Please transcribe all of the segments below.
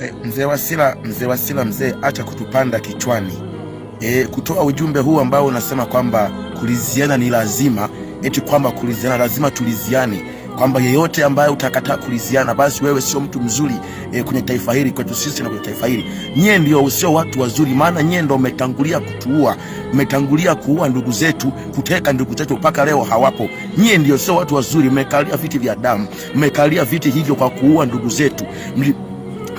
E, mzee Wasira, mzee Wasira, mzee, acha kutupanda kichwani. E, kutoa ujumbe huu ambao unasema kwamba kuliziana ni lazima, eti kwamba kuliziana lazima tuliziane, kwamba yeyote ambaye utakataa kuliziana basi wewe sio mtu mzuri e, kwenye taifa hili kwetu sisi na kwenye taifa hili. Nyie ndio sio watu wazuri, maana nyie ndio mmetangulia kutuua, mmetangulia kuua ndugu zetu, kuteka ndugu zetu, mpaka leo hawapo. Nyie ndio sio watu wazuri, mmekalia viti vya damu, mmekalia viti hivyo kwa kuua ndugu zetu Mli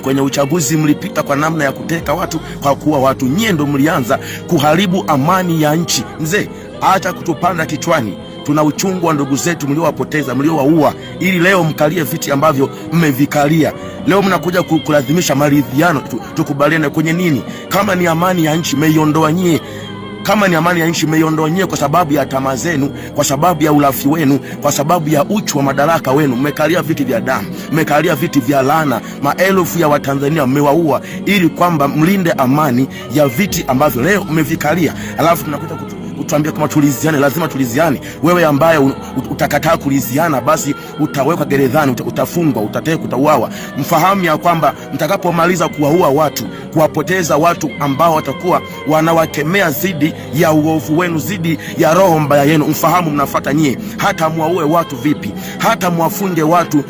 kwenye uchaguzi mlipita kwa namna ya kuteka watu, kwa kuwa watu nyie ndo mlianza kuharibu amani ya nchi. Mzee, acha kutupanda kichwani. Tuna uchungu wa ndugu zetu mliowapoteza, mliowaua, ili leo mkalie viti ambavyo mmevikalia. Leo mnakuja kulazimisha maridhiano, tukubaliane kwenye nini? Kama ni amani ya nchi, mmeiondoa nyie. Kama ni amani ya nchi, mmeiondonyea kwa sababu ya tamaa zenu, kwa sababu ya ulafi wenu, kwa sababu ya uchu wa madaraka wenu. Mmekalia viti vya damu, mmekalia viti vya laana. Maelfu ya Watanzania mmewaua ili kwamba mlinde amani ya viti ambavyo leo mmevikalia, alafu tunakuja utuambia kama tuliziane, lazima tuliziane. Wewe ambaye utakataa kuliziana, basi utawekwa gerezani, utafungwa, utatekwa, utauawa. Mfahamu ya kwamba mtakapomaliza kuwaua watu, kuwapoteza watu ambao watakuwa wanawakemea zidi ya uovu wenu, zidi ya roho mbaya yenu, mfahamu mnafuata nyie. Hata mwaue watu vipi, hata mwafunge watu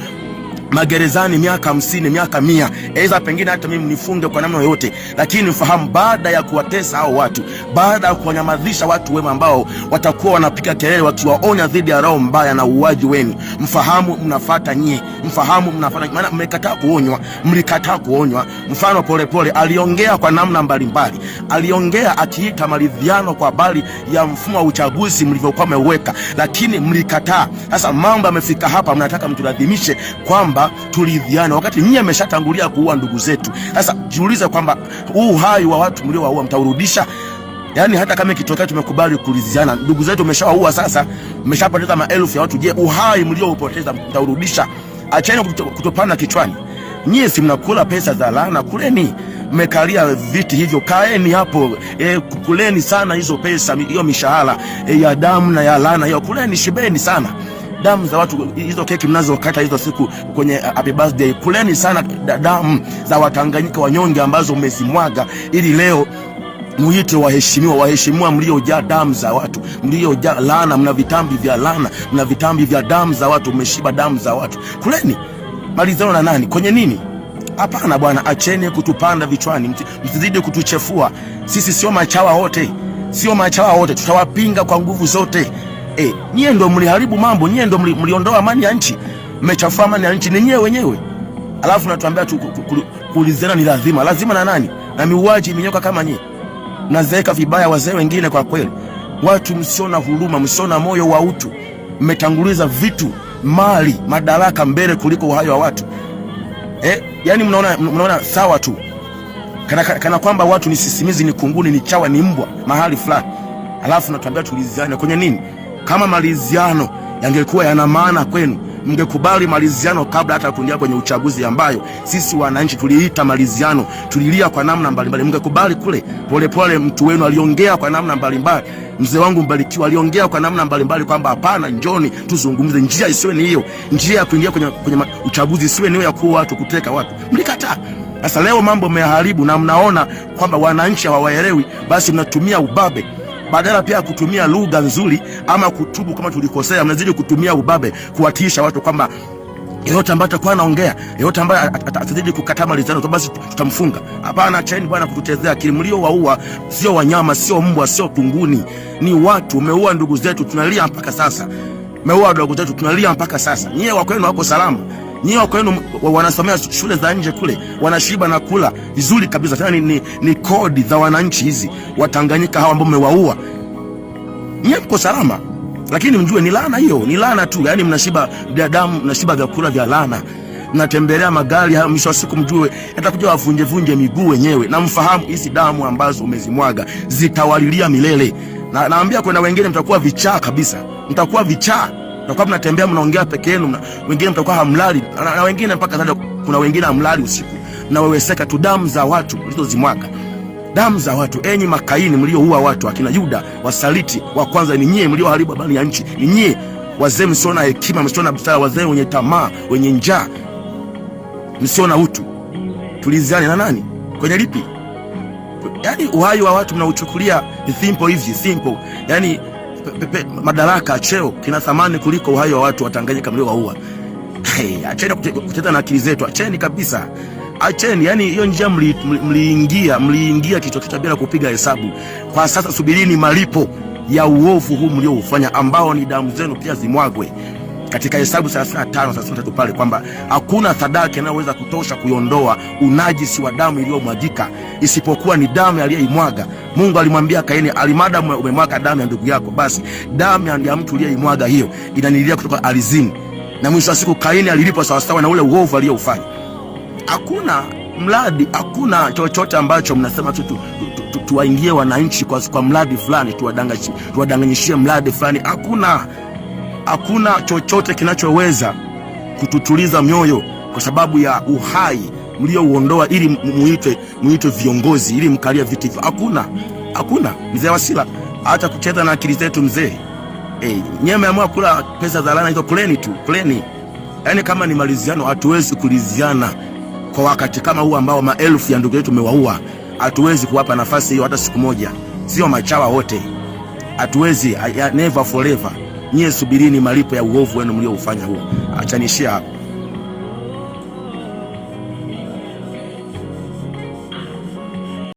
magerezani miaka hamsini, miaka mia, aidha pengine hata mimi nifunge kwa namna yoyote, lakini mfahamu, baada ya kuwatesa hao watu, baada ya kuwanyamadhisha watu wema ambao watakuwa wanapiga kelele wakiwaonya dhidi ya roho mbaya na uuaji wenu, mfahamu mnafata nyie mfahamu mnafanya maana, mmekataa kuonywa, mlikataa kuonywa. Mfano Polepole aliongea kwa namna mbalimbali, aliongea akiita maridhiano kwa habari ya mfumo wa uchaguzi mlivyokuwa mmeweka, lakini mlikataa. Sasa mambo yamefika hapa, mnataka mtuladhimishe kwamba tulidhiana, wakati nyinyi ameshatangulia kuua ndugu zetu. Sasa jiulize kwamba huu uhai wa watu mliowaua mtaurudisha? Yaani hata kama ikitokea tumekubali kuliziana, ndugu zetu umeshawaua, sasa umeshapoteza maelfu ya watu. Je, uhai mlioupoteza mtaurudisha? acheni kutopana kichwani. Nyie si mnakula pesa za laana? Kuleni, mmekalia viti hivyo, kaeni hapo e, kuleni sana hizo pesa, hiyo mishahara e, ya damu na ya laana hiyo, kuleni, shibeni sana damu za watu hizo, keki mnazokata hizo siku kwenye happy birthday, kuleni sana damu za Watanganyika wanyonge ambazo mmezimwaga ili leo Muite waheshimiwa, waheshimiwa mliojaa damu za watu, mliojaa laana, mna vitambi vya laana, mna vitambi vya damu za watu, mmeshiba damu za watu. Kuleni, malizano na nani? Kwenye nini? Hapana bwana, acheni kutupanda vichwani, msizidi kutuchefua sisi. Sio machawa wote, sio machawa wote, tutawapinga kwa nguvu zote. E, nyie ndio mliharibu mambo, nyie ndio mliondoa amani ya nchi, mmechafua amani ya nchi nenyewe wenyewe, alafu natuambia tu kuulizana ni lazima lazima na nani? Na miuaji minyoka kama nyie. Nazeeka vibaya wazee wengine, kwa kweli. Watu msiona huruma, msiona moyo wa utu, mmetanguliza vitu, mali, madaraka mbele kuliko uhai wa watu eh. Yani mnaona, mnaona sawa tu kana, kana kwamba watu ni sisimizi, ni kunguni, ni chawa, ni mbwa mahali fulani, alafu natuambia tuliziane kwenye nini? Kama maliziano yangekuwa yana maana kwenu mngekubali maliziano kabla hata kuingia kwenye uchaguzi ambayo sisi wananchi tuliita maliziano, tulilia kwa namna mbalimbali, mngekubali kule. Polepole mtu wenu aliongea kwa namna mbalimbali, mzee wangu Mbarikiwa aliongea kwa namna mbalimbali kwamba hapana, njoni tuzungumze, njia isiwe ni hiyo, njia ya kuingia kwenye, kwenye uchaguzi isiwe ni hiyo ya kuua watu, kuteka watu, mlikataa. Sasa leo mambo mmeharibu na mnaona kwamba wananchi hawawaelewi, basi mnatumia ubabe badala pia ya kutumia lugha nzuri ama kutubu kama tulikosea, mnazidi kutumia ubabe kuwatiisha watu kwamba yeyote ambaye atakuwa anaongea, yeyote ambaye atazidi kukataa malizano, basi tutamfunga. Hapana, acheni bwana kutuchezea akili. Mliowaua sio wanyama, sio mbwa, sio tunguni, ni watu. Umeua ndugu zetu, tunalia mpaka sasa. Umeua ndugu zetu, tunalia mpaka sasa. Nyie wakwenu wako salama nyie wako wenu wanasomea shule za nje kule, wanashiba na kula vizuri kabisa, tena ni, ni, ni kodi za wananchi hizi Watanganyika hawa ambao mmewaua. Nyie mko salama, lakini mjue ni laana hiyo, ni laana tu. Yani mnashiba binadamu, mnashiba vyakula vya laana, mnatembelea magari hayo. Mwisho wa siku mjue atakuja wavunjevunje miguu wenyewe, na mfahamu hizi damu ambazo umezimwaga zitawalilia milele. Na naambia kwenda wengine, mtakuwa vichaa kabisa, mtakuwa vichaa mnakuwa mnatembea mnaongea peke yenu, wengine mtakuwa hamlali na, na wengine mpaka sasa kuna wengine hamlali usiku, na weweseka tu damu za watu mlizozimwaga, damu za watu. Enyi makaini mlioua watu, akina Yuda wasaliti wa kwanza, ni nyie mlioharibu habari ya nchi, ni nyie wazee msio na hekima, msio na busara, wazee wenye tamaa, wenye njaa, msio na utu. Tuliziane na nani? Kwenye lipi? Yani uhai wa watu mnauchukulia ni simple hivi simple, yani madaraka cheo kina thamani kuliko uhai wa watu wa Tanganyika mliowaua. Hey, acheni kucheza na akili zetu, acheni kabisa, acheni. Yani hiyo njia mliingia, mliingia kichwa bila kupiga hesabu. Kwa sasa subirini malipo ya uovu huu mlioufanya, ambao ni damu zenu pia zimwagwe katika Hesabu 35 33 pale kwamba hakuna sadaka inayoweza kutosha kuiondoa unajisi wa damu iliyomwagika isipokuwa ni damu aliyeimwaga. Mungu alimwambia Kaini, alimada umemwaga damu ya ndugu yako, basi damu ya mtu uliyeimwaga hiyo inanilia kutoka alizini. Na mwisho wa siku Kaini alilipwa sawasawa na ule uovu aliyoufanya. Hakuna mradi, hakuna chochote ambacho mnasema tu tuwaingie wananchi kwa, kwa mradi fulani tuwadanganyishie mradi fulani. Hakuna, hakuna chochote kinachoweza kututuliza mioyo kwa sababu ya uhai mliouondoa ili muitwe muitwe viongozi ili mkalia viti. Hakuna, hakuna mzee Wasira hata kucheza na akili zetu mzee. Eh, nyewe mmeamua kula pesa za lana hizo, kuleni tu, kuleni. Yaani kama ni maliziano, hatuwezi kuliziana kwa wakati kama huu ambao maelfu ya ndugu yetu tumewaua. Hatuwezi kuwapa nafasi hiyo hata siku moja, sio machawa wote, hatuwezi. Never forever. Nyie subirini malipo ya uovu wenu mlioufanya huo. Achanishia hapo.